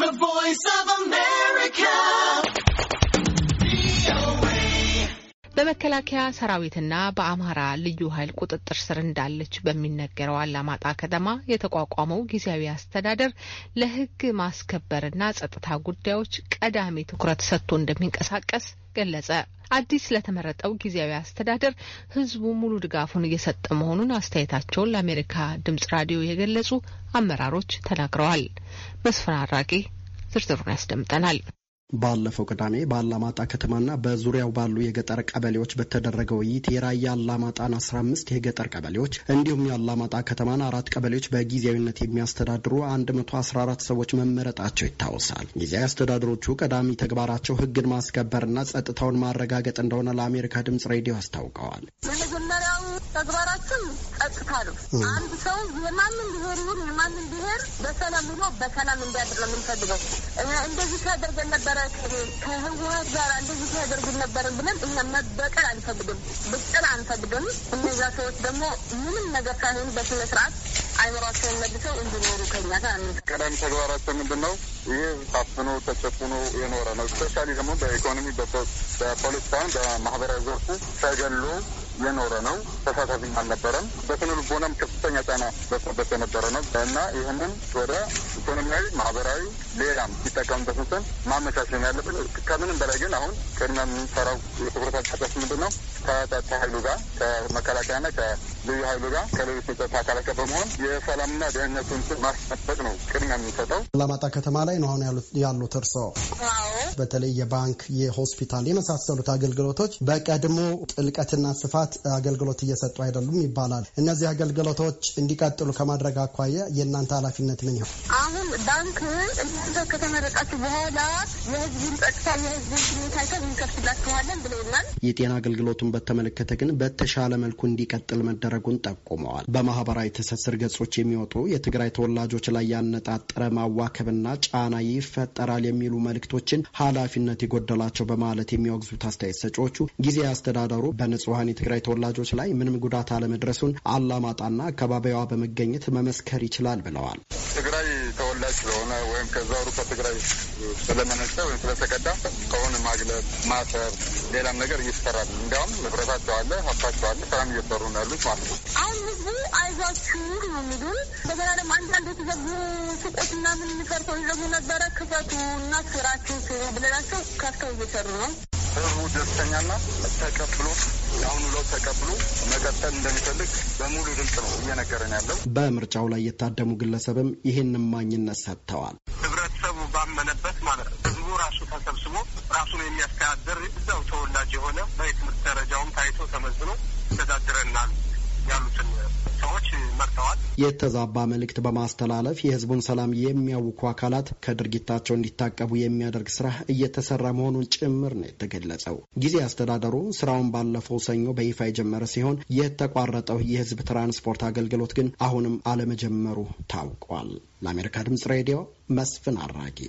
The Voice of America. በመከላከያ ሰራዊትና በአማራ ልዩ ኃይል ቁጥጥር ስር እንዳለች በሚነገረው አላማጣ ከተማ የተቋቋመው ጊዜያዊ አስተዳደር ለሕግ ማስከበርና ጸጥታ ጉዳዮች ቀዳሚ ትኩረት ሰጥቶ እንደሚንቀሳቀስ ገለጸ። አዲስ ለተመረጠው ጊዜያዊ አስተዳደር ህዝቡ ሙሉ ድጋፉን እየሰጠ መሆኑን አስተያየታቸውን ለአሜሪካ ድምጽ ራዲዮ የገለጹ አመራሮች ተናግረዋል። መስፍን አራጌ ዝርዝሩን ያስደምጠናል። ባለፈው ቅዳሜ በአላማጣ ከተማና በዙሪያው ባሉ የገጠር ቀበሌዎች በተደረገ ውይይት የራያ አላማጣን አስራ አምስት የገጠር ቀበሌዎች እንዲሁም የአላማጣ ከተማን አራት ቀበሌዎች በጊዜያዊነት የሚያስተዳድሩ አንድ መቶ አስራ አራት ሰዎች መመረጣቸው ይታወሳል። ጊዜያዊ አስተዳደሮቹ ቀዳሚ ተግባራቸው ህግን ማስከበርና ጸጥታውን ማረጋገጥ እንደሆነ ለአሜሪካ ድምጽ ሬዲዮ አስታውቀዋል። ተግባራችን ጸጥታ ነው። አንድ ሰው የማንም ብሄር ይሁን የማንም ብሄር በሰላም ሆኖ በሰላም እንዲያድር ነው የምንፈልገው። እንደዚህ ሲያደርገን ነበረ ከህወሀት ጋር እንደዚህ ሲያደርጉን ነበር ብለን እኛ መበቀል አንፈልግም፣ ብጥል አንፈልግም። እነዛ ሰዎች ደግሞ ምንም ነገር ሳይሆኑ በስነ ስርዓት አይምሯቸውን መልሰው እንዲኖሩ ከኛ ጋር ቀዳሚ ተግባራቸው ምንድን ነው? ይህ ታፍኖ ተጨፍኖ የኖረ ነው። ስፔሻሊ ደግሞ በኢኮኖሚ በፖለቲካን በማህበራዊ ዘርፉ ተገሎ የኖረ ነው። ተሳታፊ አልነበረም። በስነ ልቦናም ከፍተኛ ጫና በሰበት የነበረ ነው እና ይህንን ወደ ኢኮኖሚያዊ፣ ማህበራዊ፣ ሌላም ሲጠቀሙበት ምስል ማመቻቸን ያለብን። ከምንም በላይ ግን አሁን ቅድመ የምንሰራው የትኩረታችን ተሰስ ምንድን ነው ከጸጥታ ኃይሉ ጋር ከመከላከያና ከልዩ ኃይሉ ጋር ከሌሎች የጸጥታ አካላት ጋር በመሆን የሰላምና ደህንነቱን ማስጠበቅ ነው ቅድሚያ የምንሰጠው። አላማጣ ከተማ ላይ ነው አሁን ያሉት እርስዎ? በተለይ የባንክ፣ የሆስፒታል የመሳሰሉት አገልግሎቶች በቀድሞ ጥልቀትና ስፋት አገልግሎት እየሰጡ አይደሉም ይባላል። እነዚህ አገልግሎቶች እንዲቀጥሉ ከማድረግ አኳያ የእናንተ ኃላፊነት ምን ይሆን? አሁን ባንክ እንስሰ ከተመረጣችሁ በኋላ የህዝብን ጸጥታ፣ የህዝብን ሁኔታ እንከፍትላችኋለን ብለውናል። የጤና አገልግሎቱን በተመለከተ ግን በተሻለ መልኩ እንዲቀጥል መደረጉን ጠቁመዋል። በማህበራዊ ትስስር ገጾች የሚወጡ የትግራይ ተወላጆች ላይ ያነጣጠረ ማዋከብና ጫና ይፈጠራል የሚሉ መልእክቶችን ኃላፊነት የጎደላቸው በማለት የሚወግዙት አስተያየት ሰጪዎቹ ጊዜ አስተዳደሩ በንጹሐን የትግራይ ተወላጆች ላይ ምንም ጉዳት አለመድረሱን አላማጣና አካባቢዋ በመገኘት መመስከር ይችላል ብለዋል። ትግራይ ተወላጅ ስለሆነ ወይም ከዛ ከትግራይ ስለመነጨ ወይም ስለተቀዳ ማሰር፣ ሌላም ነገር እየተሰራል። እንዲያውም ንብረታቸው አለ፣ ሀብታቸው አለ፣ ስራም እየሰሩ ነው ያሉት ማለት ነው። አሁን ህዝቡ አይዟችሁ ነው የሚሉን። በተና ደግሞ አንዳንድ የተዘጉ ሱቆች እና ምን ቀርተው ይዘጉ ነበረ፣ ክፈቱ እና ስራችሁ ስሩ ብለናቸው ከፍተው እየሰሩ ነው። ህዝቡ ደስተኛና ተቀብሎ አሁኑ ለው ተቀብሎ መቀጠል እንደሚፈልግ በሙሉ ድምፅ ነው እየነገረን ያለው። በምርጫው ላይ የታደሙ ግለሰብም ይህን ማኝነት ሰጥተዋል። ህብረተሰቡ ባመነበት ተሰብስቦ ራሱን የሚያስተዳድር እዛው ተወላጅ የሆነ በትምህርት ደረጃውም ታይቶ ተመዝኖ ይተዳድረናል ያሉትን ሰዎች መርተዋል። የተዛባ መልእክት በማስተላለፍ የህዝቡን ሰላም የሚያውኩ አካላት ከድርጊታቸው እንዲታቀቡ የሚያደርግ ስራ እየተሰራ መሆኑን ጭምር ነው የተገለጸው። ጊዜ አስተዳደሩ ስራውን ባለፈው ሰኞ በይፋ የጀመረ ሲሆን የተቋረጠው የህዝብ ትራንስፖርት አገልግሎት ግን አሁንም አለመጀመሩ ታውቋል። ለአሜሪካ ድምጽ ሬዲዮ መስፍን አራጌ